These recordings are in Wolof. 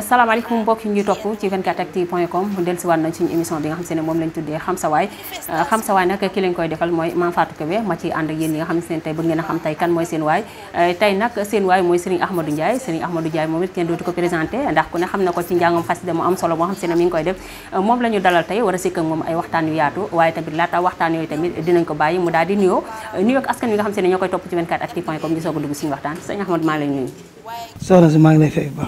asalaamaaleykum mbokk yi ñuy topp ci 24actu point com mu dellusiwaat nañ suñu émission bi nga xam se euh, nga xam a xam seen waay euh, seen waay mooy Serigne Ahmadou Ndiaye ko présenté ndax ku ne xam na ko ci njàngam xasida mu am solo moo xam se ne mi ngi koy def euh, a sikk ak moom ay waxtaan yu yaatu waaye tamit laata waxtaan a dugg suñu waxtaan Serigne Ahmadou maa ngi lay nuyu soxna si maa ngi lay fay bu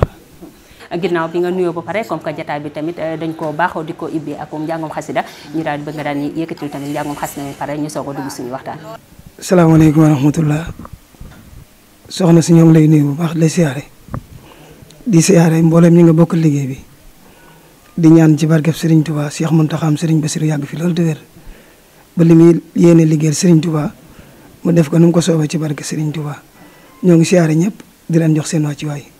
ginnaaw bi nga nuyoo ba pare comme que jataay bi tamit euh, dañ koo baaxoo di ko ibbi ak njàngum xasida ñu daal bëgg nga daan yëkkatil tamit njàngum xasida mi pare ñu soog a dugg suñu waxtaan salaamaaleykum wa rahmatullah soxna si ñoom lay nuyu bu baax lay siyaare di siyaare mbooleem ñi ngi bokk liggéey bi di ñaan ci barkeb Serigne Touba Cheikh Mountakha Serigne Bassirou yàgg fi loolu de wér ba li muy yéene liggéey Serigne Touba mu def ko nu mu ko soobee ci barke Serigne Touba ñoo ngi siyaare ñëpp di leen jox seen wàccuwaay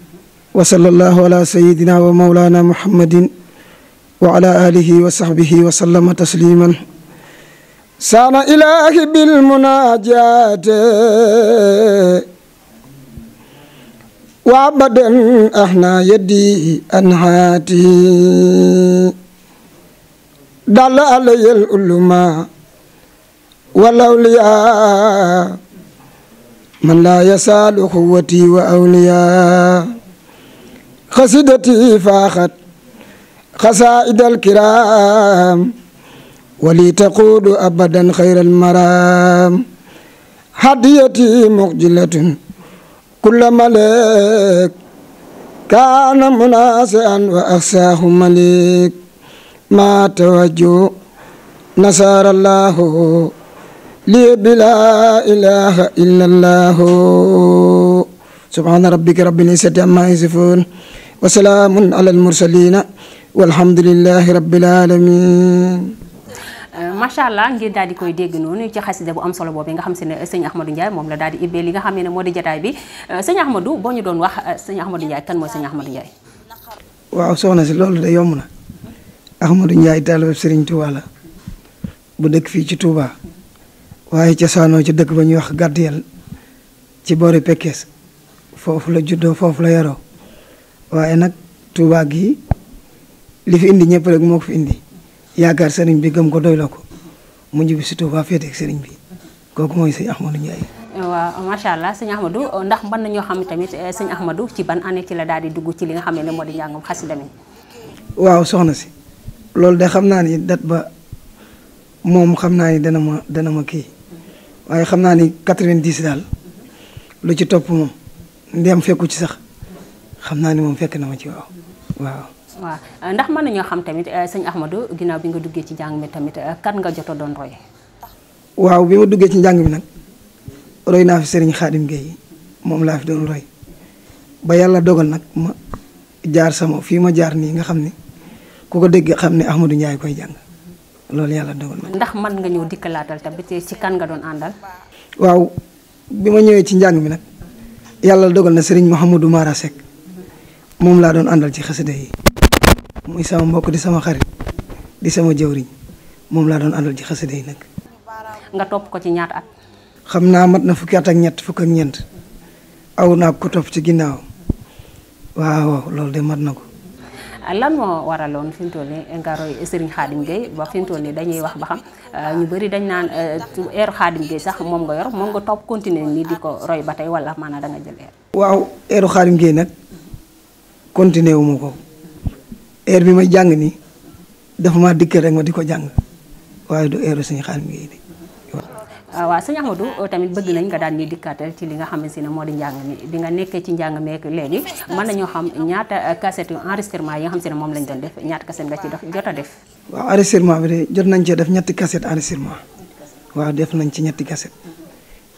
wa sallallahu ala sayidina wa maulana muhammadin wa ala alihi wa sahbihi wa sallama tasliman sana ilahi bil munajati wa abadan ahna yadi anhati dal alay al ulama wal awliya man la yasalu quwwati wa awliya xasidati faaxat xasaidal kiraam wali taquudu abadan xayral maraam hadiyati muqjilatun kulla maleek kaana munaasian wa axsaahu maleek maa tawajju nasaara allahu lii bi laa ilaaha illa allahu subhaana rabbika rabbil izzati ammaa yasifuun wa salaamun ala al mursalina walhamdulillahi rabbil alamin macha allah ngir daal di koy dégg noonu ci xasida bu am solo boobu nga xam se ne sëñ Ahmadou Ndiaye moom la daal di ibbee li nga xam ne moo di jataay bi sëñ Ahmadou boo ñu doon wax sëñ Ahmadou Ndiaye kan mooy sëñ Ahmadou Ndiaye. waaw soxna si loolu de yomb na Ahmadou Ndiaye taalibe Serigne Touba la bu dëkk fii ci Touba waaye cosaanoo ci dëkk ba ñuy wax Gàddiyel ci boori Pekes foofu la juddoo foofu la yaroo waaye nag Touba gi li fi indi ñëpp rek moo ko fi indi yaakaar sëriñ bi gëm ko doyloo ko mu njëbi si Touba féete ak sëriñ bi kooku mooy sëñ Ahmadou Ndiaye. waaw macha allah sëñ Ahmadou ndax mën nañoo xam tamit eh, sëñ Ahmadou ci ban année ci la daal di dugg ci li nga xam ne moo di njàngum xasida mi waaw soxna si loolu de xam naa ni dat ba moom xam naa ni dana ma dana ma kii waaye xam naa ni 90 daal lu ci topp moom ndéem fekku ci sax. xam naa ne moom fekk na ma ci waaw waaw. waaw euh, ndax mën nañoo xam tamit euh, sëñ Ahmadou ginnaaw bi nga duggee ci njàng mi tamit euh, kan nga jot doon roy. waaw bi ma duggee ci njàng mi nag roy naa fi Serigne Khadim Gueye moom laa fi roy ba yàlla dogal nag ma jaar sama fii ma jaar nii nga xam ni ku ko dégg xam ne Ahmadou Ndiaye koy jàng loolu yàlla dogal nag. ndax man nga ñëw dikkalaatal tamit ci kan nga doon àndal. waaw ci njàng mi nag yàlla dogal na Serigne Mouhamadou Mara Seck moom laa doon àndal ci xasida yi muy sama mbokk di sama xarit di sama jëwriñ moom laa doon àndal ci xasida yi nag. nga topp ko ci ñaata at. xam naa mat na fukki at ak ñett fukk ak ñeent aw naa ko topp ci ginnaaw waaw loolu de mat na ko. lan moo waraloon fi mu toll nii nga roy Serigne Khadim Gueye ba fi mu toll nii dañuy wax ba xam euh, ñu bari dañ naan air euh, Khadim Gueye sax moom nga yor moom nga topp continuer nii di ko roy ba tey wala maanaam da nga jël air. waaw airu continué wu ma ko heure bi may jàng nii dafa maa dikkal rek ma di ko jàng waaye du heure suñu xaalis mi ngi waaw sëñ Ahmadou euh, tamit bëgg nañ nga daal ñuy dikkaatal ci li nga xamante ne moo di njàng mi bi nga nekkee ci njàng meek léegi mën nañoo xam ñaata cassette enregistrement yi nga xamante ne moom lañ doon def ñaata cassette nga ci def jot a def. waaw enregistrement bi de jot nañ cee def ñetti kaset enregistrement waaw def nañ ci ñetti cassette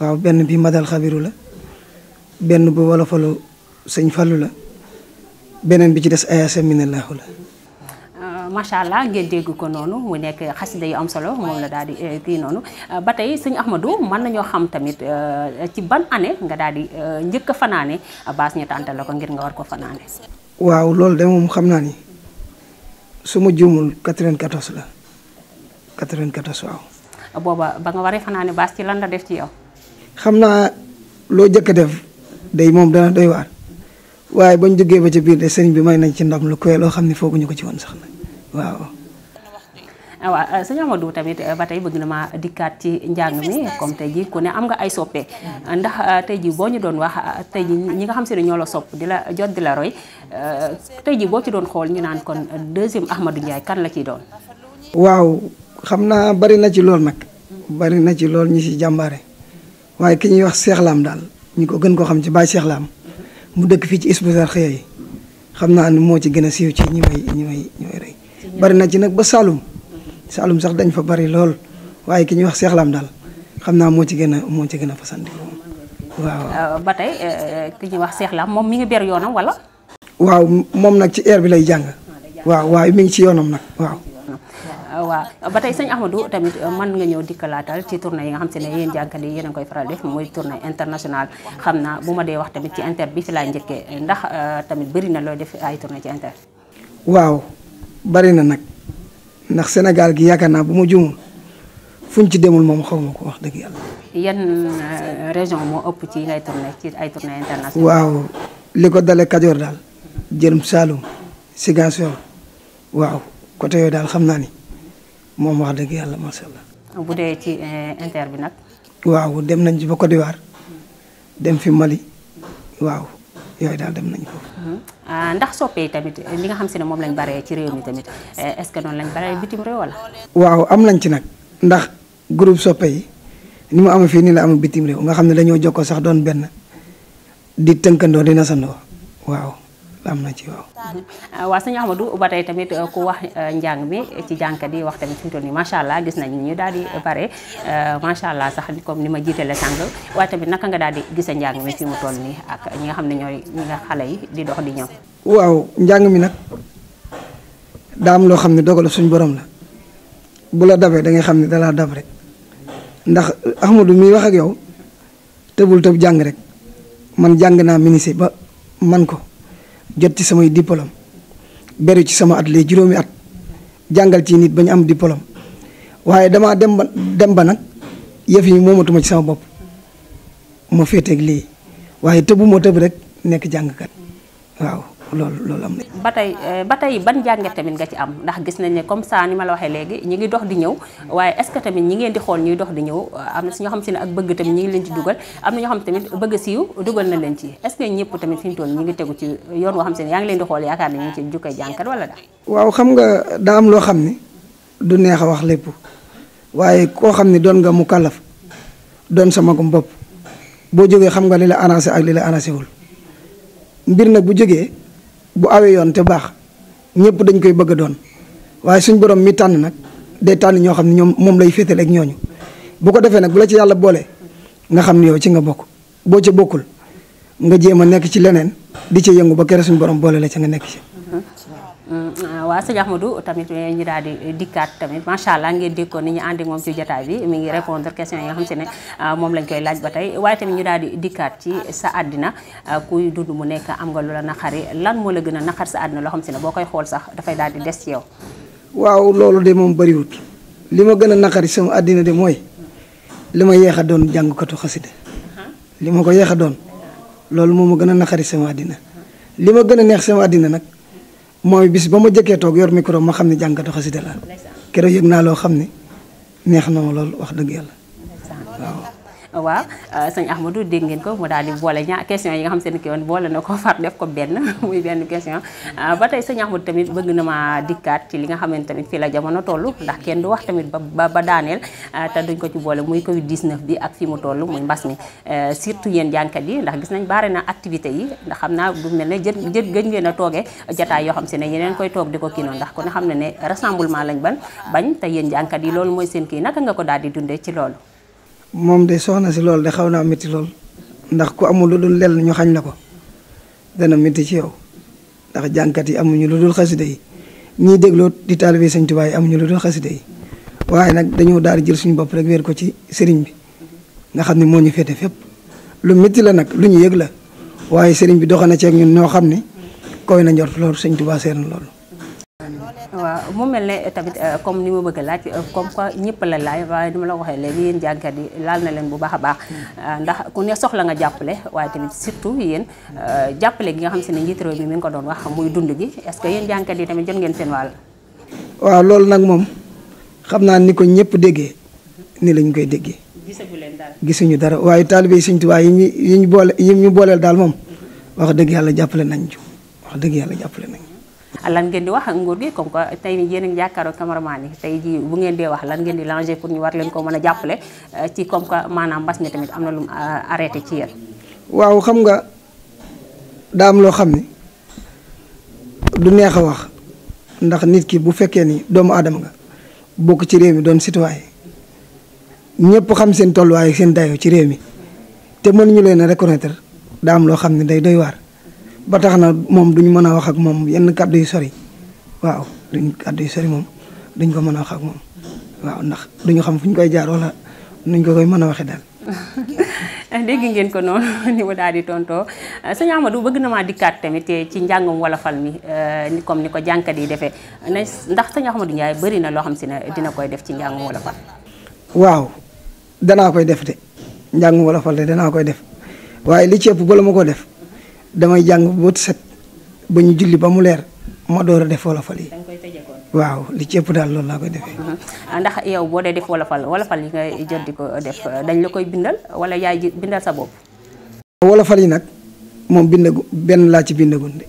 waaw benn bi madal xabiru la benn bu wolofalu sëñ falu la. beneen bi ci des semmine minallaahu la euh, macha allah ngeen dégg ko noonu mu nekk xasida yu am solo moom la daal di euh, kii noonu euh, ba tey sëñ Ahmadou mën nañoo xam tamit ci ban année nga daal di njëkk fanaane baas ñu tàntal la ko ngir nga war ko fanaane. waaw loolu de moom xam naa ni su ma juumul 94 la 94 waaw. booba ba nga waree fanaane baas ci lan la def ci yow. xam naa loo jëkk def day moom dana doy waar. waaye bañ jógee ba ci biir de sëriñ bi may nañ ci ndam lu koy loo xam ne fooguñu ko ci woon sax nag waaw. Ah, waaw euh, sëñ tamit euh, ba tey bëgg na ma dikkaat ci njàng mi comme tey ji ko ne am nga ay soppe ndax euh, tey jii boo ñu doon wax tey ji ñi nga xam si ne ñoo la sopp di la jot di la roy ji boo ci doon xool ñu naan kon deuxième Ahmadou njaay kan la ciy doon. waaw xam naa bari na ci lool nag. bari na ci lool ñu si jàmbaare waaye ki ñuy wax Seex daal ñu ko gën koo xam ci Baay Seex mu dëkk fii ci Hizbut Tarqiyyah yi xam naa ne moo ci gën a siiw ci ñi may ñi may rey bari na ci nag ba Saalum Saalum sax dañ fa bari lool waaye ki ñuy wax Seex Laam daal xam naa moo ci gën a moo ci gën a fasante waaw euh, ba tey euh, ki ñuy wax Seex moom mi ngi ber yoonam wala. waaw moom nag ci air bi lay jàng. Ah, waaw waaye mi ngi ci yoonam nag waaw. waaw ba tey sëñ Ahmadou tamit euh, man nga ñëw dikkalaatal ci tournée yi nga xam se ne yéen jànkal yi yéen koy faral mooy muy tournée internationale xam naa bu ma dee wax tamit ci inter bi fi laay ndax euh, tamit bëri na looy def ay tournée ci inter waaw na nag ndax Sénégal gi yaakaar naa bu ma jumul fuñ ci demul moom xaw ko wax dëgg yàlla. yan euh, région moo ëpp ci ngay tournée ci ay tournées internationales. waaw li ko dalee Kajoor daal. Jërëm Saalum. Ziguinchor waaw côté yooyu daal xam naa ni. moom wax dëgg yàlla macha bu dee ci eh, inter bi nag. waaw dem nañ ci ba ko d'Ivoire dem fi Mali waaw yooyu daal dem nañ ko. Mhm. Ah, ndax soppe yi tamit li eh, nga xam si ne moom lañ baree ci réew mi tamit eh, est-ce que noonu lañ baree bitim réew waaw am nañ ci nag ndax groupe soppe yi ni mu amee fii nii la amee bitim réew nga xam ne dañoo jokkoo sax doon benn di tënkandoo di nasandoo waaw. am na ci waaw. waaw sëñ Ahmadou ba tay tamit euh, ku wax euh, njàng mi ci jànkat yi wax tamit fi mu toll nii macha allah gis nañu ñu daal di bare euh, macha allah sax comme ni ma jiitale sàng waaye tamit naka nga daal di gis njàng mi xam ne ñooy ñi yi di dox di ñëw. waaw njàng mi nag daa am loo xam ne dogalu suñ borom la bu la dabee da xam ne dalaa dab rek ndax Ahmadou mi wax ak yow tëbul tëb jàng rek man jàng naa ministre ba man ko. jot ci samay diplôme beru ci sama at lee juróomi at jàngal ci nit bañ am diplôme waaye damaa dem ba dem ba nag yëf yi moomatuma ci sama bopp ma féeteeg lii waaye tëbu moo tëb rek nekk jàngkat waaw. loolu loolu am na. ba tey eh, ba tey ban jàngat tamit nga ci am ndax gis nañ ne comme ça ni ma la waxee léegi ñi ngi dox di ñëw waaye est-ce que tamit ñi ngeen di xool ñuy dox di ñëw am na si ñoo xam si ne ak bëgg tamit ñi ngi leen ci dugal am na ñoo xam tamit bëgg siiw dugal na leen ci est-ce que ñëpp tamit fi mu toll ñi ngi tegu ci yoon woo xam si ne yaa ngi leen di xool yaakaar na ñu ci jukkee jànkat wala daal. waaw xam nga daa am loo xam ni du neex a wax lépp waaye koo xam ni doon nga mu kàllaf doon sama gum boo jógee xam nga li la arrangé ak li la arrangé wul mbir bu jógee bu awee yoon te baax ñëpp dañ koy bëgg a doon waaye suñ borom mi tànn nag day tànn ñoo xam ne ñoom moom lay féetal ak ñooñu bu ko defee nag bu la ci yàlla boole nga xam ne yow ci nga bokk boo ca bokkul nga jéem a nekk ci leneen di ci yëngu ba kere suñ borom boole la ca nga nekk ci. waa mm, waaw sëñ du tamit eh, ñu daal di dikkaat tamit macha allah ngeen déggoon ni ñu ànd ak moom ci jotaay bi mi ngi répondre question yi nga xam si ne ah, moom lañ koy laaj ba tey waaye tamit ñu daal di dikkaat ci sa àddina ah, kuy dund mu nekk am nga lu la naqari lan moo la gën a sa àddina loo xam si ne boo koy xool sax dafay daal di des ci yow. waaw loolu de moom bëriwut li ma gën a naqari sama àddina de mooy li ma yeex a doon jàngkatu xasida uh-huh. li ma ko yeex a doon loolu moom ma gën a naqari sama àddina li ma gën a neex sama àddina nag. mooy bis ba ma jëkkee toog yor micro ma xam ni ne jàngatu xasida la keroog yëg naa loo xam ne neex na ma lool wax dëgg yàlla waaw euh, sëñ Ahmadou dégg ngeen ko mu daal di boole ñaar question yi nga xam seen ki woon boole na ko far def ko benn muy benn question euh, ba tey sëñ Ahmadou tamit bëgg na ma dikkaat ci li nga xam ne tamit fii la jamono toll ndax kenn du wax tamit ba ba daaneel euh, te duñ ko ci boole muy Covid 19 bi ak fi mu toll muy mbas mi surtout yéen jànkat yi ndax gis nañ bare na yi ndax xam naa bu mel ne jët jët gëj ngeen a toogee jataay yoo xam si ne yeneen koy toog di ko kii noonu ndax ko ne xam ne ne rassemblement lañ ban bañ te yéen jànkat yi loolu mooy seen kii naka nga ko daal di dundee ci loolu moom de soxna si loolu de xaw naa métti lool ndax ku amul lu dul lenn ñu xañ la ko dana métti ci yow ndax jànkat yi amuñu lu dul xasida yi ñiy dégloo di taalibe Sëñ Tuubaa yi amuñu lu dul xasida yi waaye nag dañoo daal di jël suñu bopp rek wéer ko ci sëriñ bi nga xam ne moo ñu féete fépp lu métti la nag lu ñu yëg la waaye sëriñ bi doxa na ci ak ñun ñoo xam ni koy na njort loolu Sëñ Tuubaa seer na loolu waaw mu mel ne tamit euh, comme ni ma bëgg a laaj euh, comme quoi ñëpp la laaj waaye ni ma la waxee léegi yéen jànkat yi laal na leen bu baax a baax euh, ndax ku ne soxla nga jàppale waaye tamit surtout yéen jàppale gi nga xam si ne njiit réew mi ko doon wax muy dund gi est-ce que yéen jànkat yi tamit ngeen seen wàll waaw loolu nag moom xam naa ni ko ñëpp déggee ni lañ koy déggee gisagu leen gisuñu dara waaye taalibe yi Sëñ Tuubaa yi ñu yi ñu boole yi ñu booleel daal moom wax dëgg yàlla jàppale nañ ju wax dëgg yàlla jàppale nañ Ah, lan ngeen di wax ak nguur gi comme quoi tey yéen a ngi jàkkaaroo cameraman yi tey bu ngeen dee wax lan ngeen di lancé pour ñu war leen ko mën a jàppale eh, ci comme quoi maanaam mbas mi tamit am na lu mu ah, ci yéen. waaw xam nga daa am loo xam ni du neex a wax ndax nit ki bu fekkee ni doomu aadama nga bokk ci réew mi doon citoyen ñëpp xam seen tolluwaay seen dayo ci réew mi te mënuñu leen a reconnaître daa am loo xam ne day doy waar. ba tax na moom duñ mën a wax ak moom yenn kàddu yu sori waaw duñ kàddu yu sori moom duñ ko mën a wax ak moom waaw ndax duñu xam fu ñu koy jaaroo la nuñ ko koy mën a waxee daal. dégg ngeen ko noonu ni daal di tontoo sëñ Amadou bëgg na maa dikkaat tamit ci njàngum wolofal mi euh, comme ni ko jànkat yi defee ndax sëñ Amadou Ndiaye bëri na loo xam si ne dina koy def ci njàngum wolofal. waaw danaa koy def de njàngum wolofal de danaa koy def waaye li ci ëpp bala ko def. damay jàng ba set ba ñu julli ba mu leer ma door a def wolofal yi. waaw li ci ëpp daal loolu laa koy defee. Uh-huh. Ah, ndax yow boo dee def wolofal wolofal yi ngay jot di def dañ la koy bindal wala yaay ji bindal sa bopp. wolofal yi nag moom bindagu benn laa ci bindagun de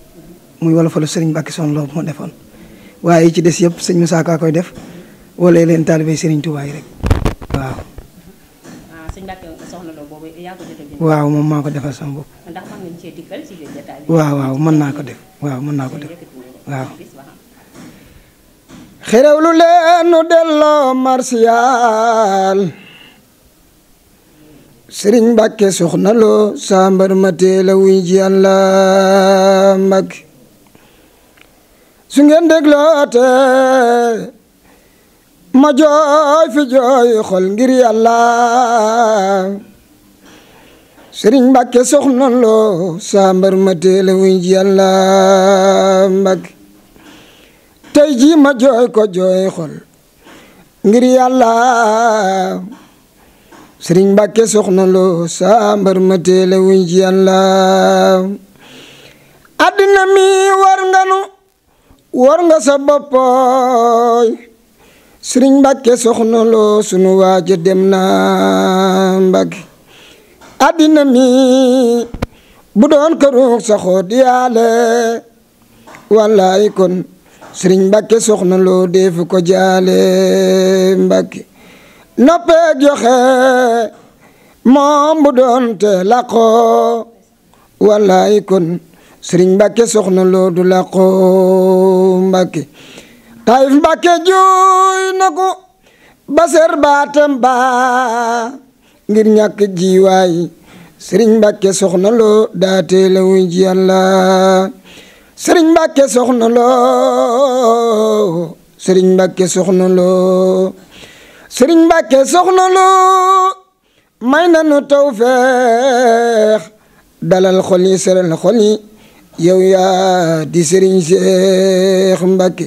muy wolofalu Serigne Mbacke Soxna Lo moo defoon waaye yi ci des yëpp sëñ Moussa Ka koy def wala leen taalibe Serigne Touba rek waaw. waaw moom maa ko defal waaw waaw mën naa ko def waaw mën naa ko def waaw. xerewlu leen nu delloo martial sëriñ Mbàkke soxna loo sambar ma teela wuy ji Yàlla mag su ngeen dégloote ma jooy fi jooy xol ngir Yàlla sëriñ Mbàkke soxna loo sambar ma téele wuy ji yàlla Mbàkke tey ji ma jooy ko jooy xol ngir yàlla sëriñ Mbàkke soxna loo sambar ma téele wuy ji yàlla addina mi war nga nu war nga sa boppooy sëriñ Mbàkke soxna sunu waaje dem na Mbàkke àddina mi bu doon këruug sa xoot yaale wallaay kon sëriñ Mbàkke soxna loo deefu ko jaale Mbàkke noppee joxe moom bu doon te laqoo wallaay kon sëriñ Mbàkke soxna loo du laqoo Mbàkke Taif Mbàkke juuy na ko baser baatam baa ngir ñàkk jiwaay sëriñ mbàkke soxna loo daa teela wuy ji yàlla sëriñ mbàkke soxna loo sëriñ mbàkke soxna loo sëriñ mbàkke soxna loo may nanu dalal xol yi seral xol yow yaa di sëriñ seex mbàkke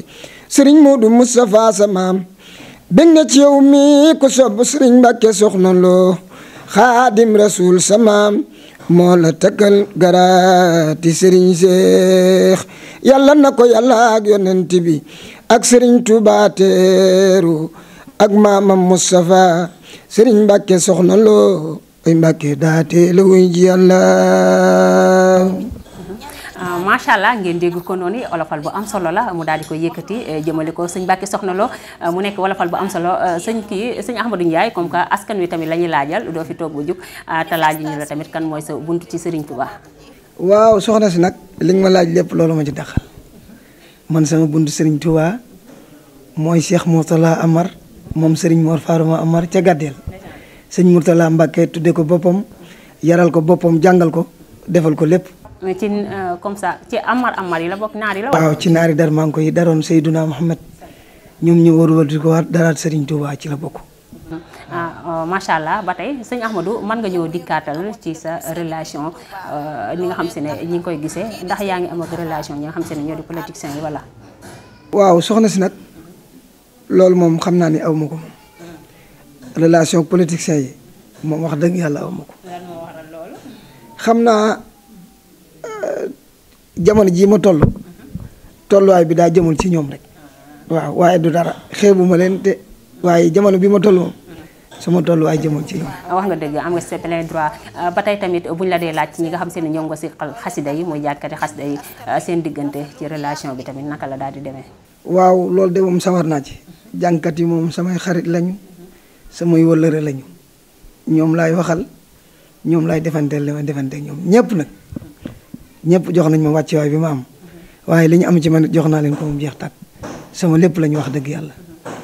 sëriñ moodu mustapha sa maam na ci yow mi ku sopp sëriñ mbàkke soxna loo xaadim rasul samaam moo la tëkkal garaati sëriñ seex yàlla na ko yàlla ak yonent bi ak sëriñ Tuubaa teeru ak maamam Moustapha sëriñ Mbàkke soxna loo ay Mbàkke daate la wuy ji yàlla macha allah ngeen dégg ko noonu olofal bu am solo la mu daal di ko yëkkati eh, jëmale ko sëñ Mbàkke soxna Lo eh, mu nekk olofal bu am solo eh, sëñ kii sëñ Ahmadou Ndiaye comme que askan wi tamit lañuy laajal doo fi toog ba jug ah, te laaj la tamit kan mooy sa buntu ci Serigne Touba. waaw soxna nag li nga laaj lépp loolu ma ci daxal man sama buntu Serigne Touba mooy Cheikh Mourtala Amar moom Serigne Mor Farouma Amar ca Gaddeel sëñ Mourtala Mbàkke tudde ko boppam yaral ko boppam jàngal ko defal ko lépp. ci euh, comme ça ci amar amar yi la bokk naar yi la. waaw ci naari dar maa ngi koy daroon Seydouna Mohamed ñoom ñu wërwër di ko war daraat Serigne Touba ci la bokk. Ah, oh, macha allah ba tey sëñ Ahmadou man nga ñëw dikkaatal ci sa relation ñi euh, nga xam si ne ñu ngi koy gisee ndax yaa ngi am ak relation ñi nga xam si ne ñoo di politiciens yi wala. waaw soxna si nag loolu moom xam naa ni aw ma ko relation politiciens yi moom wax dëgg yàlla aw ko. xam naa. jamono jii ma toll tolluwaay bi daa jëmul ci ñoom rek waaw waaye du dara xeebuma leen te waaye jamono bi ma toll moom sama tolluwaay jëmul ci ñoom. wax nga dëgg am nga c'est plein droit ba tamit buñ la dee laaj ñi nga xam seen ñoom nga si xasida yi mooy jàkkati xasida yi seen diggante ci relation bi tamit naka la daal di demee. waaw loolu de moom sawar naa ci jànkat yi moom samay xarit lañu samay wëllëre lañu ñoom laay waxal ñoom laay defanteel li ma defanteeg ñoom ñëpp nag. ñépp jox nañ ma wàccuwaay bi ma am waaye li ñu am ci man jox naa leen ko mu jeex tàkk sama lépp lañ wax dëgg yàlla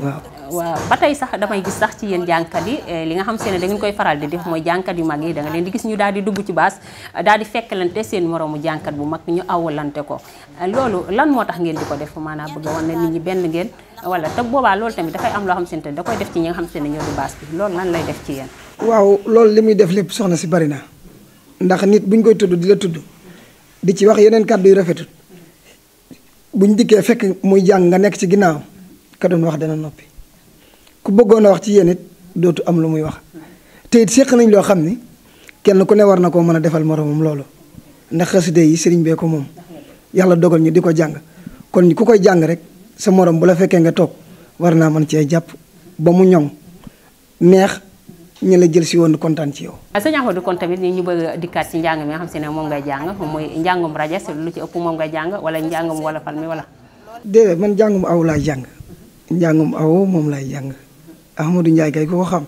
waaw. waaw ba tey sax damay gis sax ci yéen jànkat yi eh, li nga xam se ne da koy faral di def mooy jànkat yu mag yi da leen di gis ñu daal di dugg ci baas eh, daal di fekkalante seen moroomu jànkat bu mag ñu awalante ko eh, loolu lan moo tax ngeen di ko def maanaam bëgg a wan ne nit ñi benn ngeen wala te boobaa loolu tamit dafay am loo xam se ne da koy def ci ñi nga xam se ne ñoo di baas bi loolu lan lay def ci yéen waaw loolu li muy def lépp soxna si bari na ndax nit buñ koy tudd di la tudd di ci wax yeneen kàddu yu rafetul buñ dikkee fekk muy jàng nga nekk ci ginnaaw ka doon wax dana noppi ku bëggoon a wax ci yéen it dootu am lu muy wax te it séq nañ loo xam ni kenn ku ne war na koo mën a defal moromam loolu ndax xaside yi sëriñ bee ko moom yàlla dogal ñu di ko jàng kon ku koy jàng rek sa morom bu la fekkee nga toog war naa mën cee jàpp ba mu ñoŋ neex ñu la jël si woon kontaan ci yow. sëñ Ahmadou kon tamit ñu bëgg dikkaat ci njàng mi nga xam si ne moom ngay jàng moom mooy njàngum rajas lu ci ëpp moom ngay jàng wala njàngum wolofal mi wala. njàngum aw laay njàngum aw moom lay jàng Ahmadou Ndiaye kay ko xam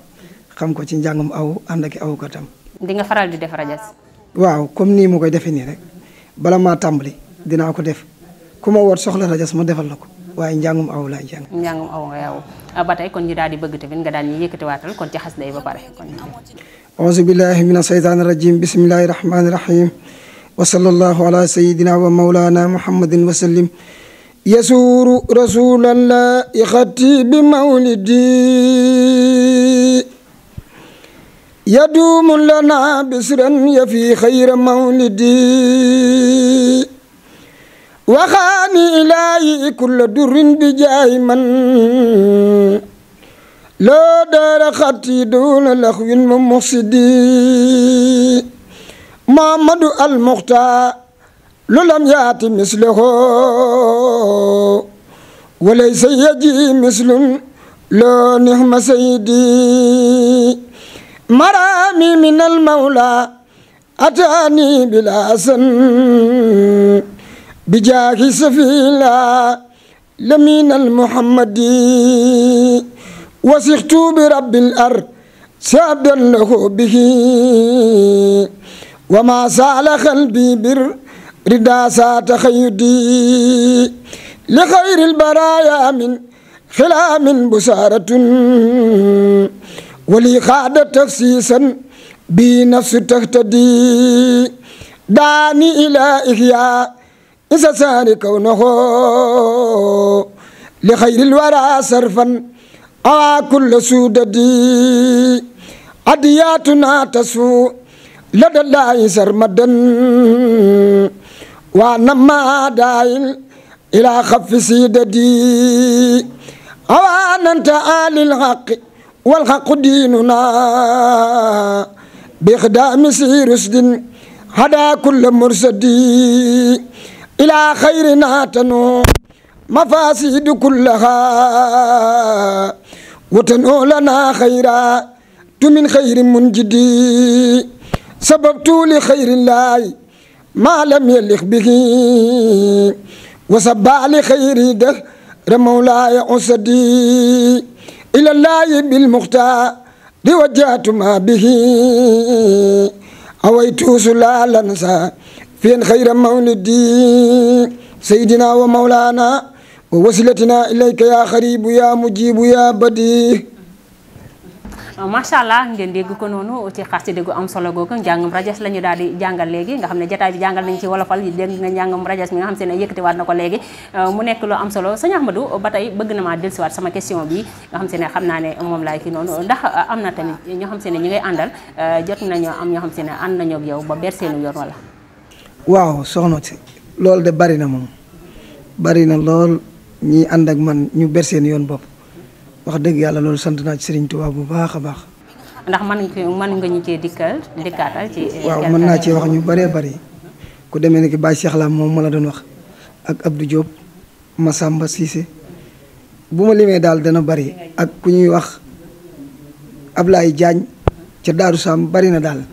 xam ko ci njàngum aw ànd ak aw katam. di nga faral di def rajas. waaw comme nii mu koy defee nii rek bala maa tàmbali dinaa ko def ku ma woot soxla rajas ma defal la ko. waaye njàngum aw laay jàng njàngum aw nga yow ah, ba tey kon ñu daal di bëgg tamit nga daal ñu yëkkatiwaatal kon ci xas day ba pare kon auzu billahi min asheytaani rajim bismillahi rahmaani rahim wa sallallahu ala sayidina wa maulana muhammadin wa sallim yasuuru rasulallahi xati bi mawlidi يدوم لنا بسرا يفي خير مولدي وخا إلهي كل در بجاه من لا دار خطي دون لخو مفسدي محمد المختار لم يأت مثله وليس يجي مثل لو نهم سيدي مرامي من المولى أتاني بلا سن bijaahi safila لمن المحمدي وسخت برب الأرض سعدا له به وما سال قلبي بر ردا سات خيدي لخير البرايا من خلام بسارة ولي قاد تفسيسا بنفس تهتدي داني إلى إحياء isa saani kaw na xoo li xayril wara sarfan awaa kulla suudadi adiyaatunaa tasu lada laayi sarmadan waa nammaa daayil ilaa xafi siidadi awaa nanta aalil xaqi wal xaqu diinunaa bi ixdaami si rusdin hadaa kulla mursadi إلى خير ناتنو مفاسد كلها وتنو لنا خيرا من خير منجدي سببت لخير الله ما لم يلق به وسبع لخير ده مولاي أسدي إلى الله بالمختار وجهت ما به أويت سلالا فين خير مولدي سيدنا ومولانا ووسيلتنا إليك يا خريب يا مجيب يا بديع oh, macha allah ngeen dégg ko noonu ci xasida gu am solo googu njàngum rajas la daal di jàngal léegi nga xam ne jataay bi jàngal nañ ci wolofal dégg nga njàngum rajas mi nga xam se ne yëkkatiwaat na ko léegi oh, mu nekk lu am solo sëñ Ahmadou ba tey bëgg na maa dellusiwaat sama question bi nga xam se ne xam naa ne moom laay ki noonu ndax am na tamit ñoo xam se ne ñi ngay àndal eh, jot nañoo am ñoo xam se ne ànd nañoo ak ba ber seenu waaw soxna si loolu de bari na moom bari na lool ñi ànd ak man ñu ber seen yoon bopp wax dëgg yàlla loolu sant naa ci Serigne Touba bu baax a baax. ndax mën mën nga ñu waaw mën naa cee wax ñu bëree bari ku demee ni ki Baye Cheikh Lam moom ma la doon wax ak ab du jóob ma sàmba Cissé bu ma limee daal dana bari ak ku ñuy wax Ablaye jaañ ca Daaru Sam bari na daal.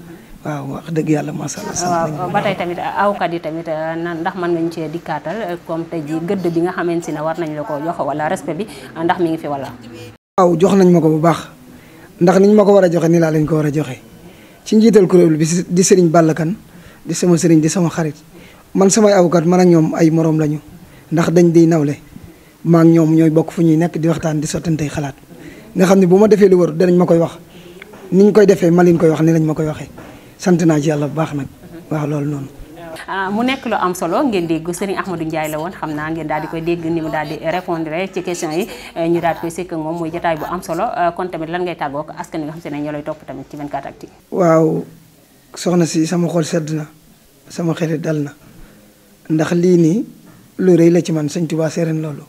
waaw wax dëgg yàlla macha allah. waaw ba tey tamit awkat yi tamit euh, ndax man nga ñu cee dikkaatal euh, comme tey jii gëdd bi nga xamante ne war nañ la ko jox wala respect bi ndax mi ngi fi walla waaw jox nañ ma ko bu baax ndax niñ ma ko war a joxe nii laa lañ ko war a joxe ci njiital kuréel bi di sëriñ Balla Kane di sama sëriñ di sama xarit man samay awkat man ak ñoom ay moroom lañu ndax dañ di nawle maa ak ñoom ñooy bokk fu ñuy nekk di waxtaan di sottantey xalaat nga xam ne bu ma defee lu wër danañ ma koy wax niñ koy defee ma leen koy wax ni lañu ma koy waxee sant naa ci yàlla bu baax nag waaw loolu noonu ah, mu nekk lu am solo ngeen dégg Serigne Ahmadou njaay la woon xam naa ngeen daal di koy dégg ni mu daal di répondre ci question yi eh, ñu daal di koy sekk moom muy jotaay bu am solo eh, kon tamit lan ngay tàggoo ak askan wi nga xam se ne ñoo lay topp tamit ci 24 actu waaw soxna si sama xol sedd na sama xel dal na ndax lii nii lu rëy la ci man Sëñ Tuubaa séeréen loolu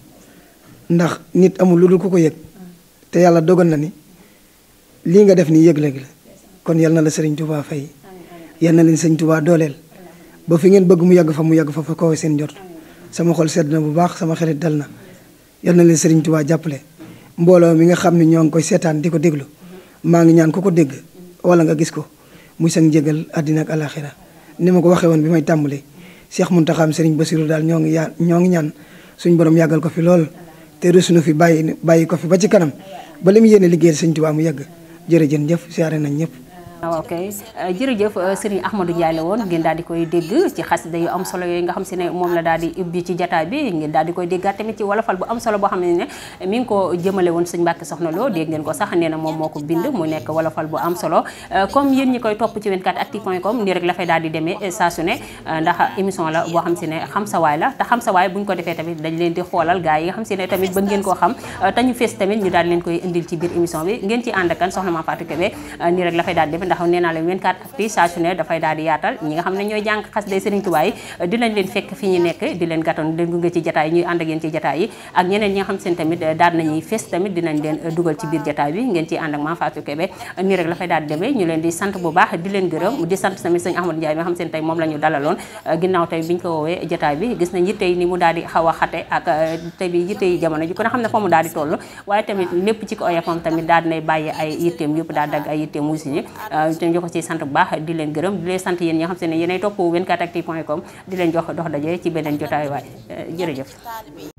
ndax nit amul lu dul ku ko yëg te yàlla dogal na ni lii nga def nii yëg-léeg la kon yal na la Serigne Touba fay yal na leen sëñ Tuubaa dooleel ba fi ngeen bëgg mu yàgg fa mu yàgg fa fa koo seen jot sama xol sedd na bu baax sama xelit dal na yan na leen sëriñ Tuubaa jàppale mbooloo mi nga xam ne ñoo ngi koy seetaan di ko déglu maa ngi ñaan ku ko dégg wala nga gis ko muy sang njëgal àddina ak alaxira ni ma ko waxee woon bi may tàmbali Cheikh Muntaxam sëriñ Basiru daal ñoo ngi yaa ñoo ngi ñaan suñ borom yàggal ko fi lool te rusunu fi bàyyi bàyyi ko fi ba ci kanam ba li mu yéene liggéeyal sëñ Tuubaa mu yàgg jërëjëf jëf siyaare nañ ñëpp Ah, ok euh, jërëjëf euh, Serigne Ahmadou Ndiaye la woon ngeen daal di koy dégg ci xasida yu am solo yooyu nga xam si ne moom la daal di ubbi ci jataay bi ngeen daal di koy déggaat tamit ci wolofal bu am solo boo woon Serigne Mbacke Soxna Lo dégg ngeen ko moom moo ko bind mu nekk wolofal bu am solo euh, comme yéen ñi koy topp ci boo xam si ne xam sa waay la te xam sa waay buñ ko defee tamit dañ leen di xoolal gars yi nga xam si ne tamit bëgg ngeen koo xam te ñu fees tamit ñu daal leen koy indil ci biir émission bi ngeen ci ànd ak kan soxna Mame Fatou Kébé nii rek la fay daal di demee ndax nee naa leen 24 actu saa su ne dafay daal di yaatal ñi nga xam ne ñooy jàng xasida Serigne Touba yi dinañ leen fekk fi ñu nekk di leen gatoon di leen gunge ci jataay ñuy ànd ak yéen ci jataay yi ak ñeneen ñi nga xam seen biir jataay bi ngeen ciy ànd ak Mame Fatou nii rek la fay daal ñu leen di sant bu baax di leen gërëm di sant tamit sëñ Ahmadou Ndiaye mi nga xam seen moom la dalaloon ginnaaw tey biñ ko woowee jataay bi gis nañ yitte yi ni mu daal di xaw a xate ak euh, tey bi yitte yi jamono ji ko na xam ne fa mu daal Euh, ñu ko ci sant baax di leen gërëm di leen sant yéen ñi nga xam se ne yéenay topp 24actu point com di leen jox dox daje ci beneen jotaay waay euh, jërëjëf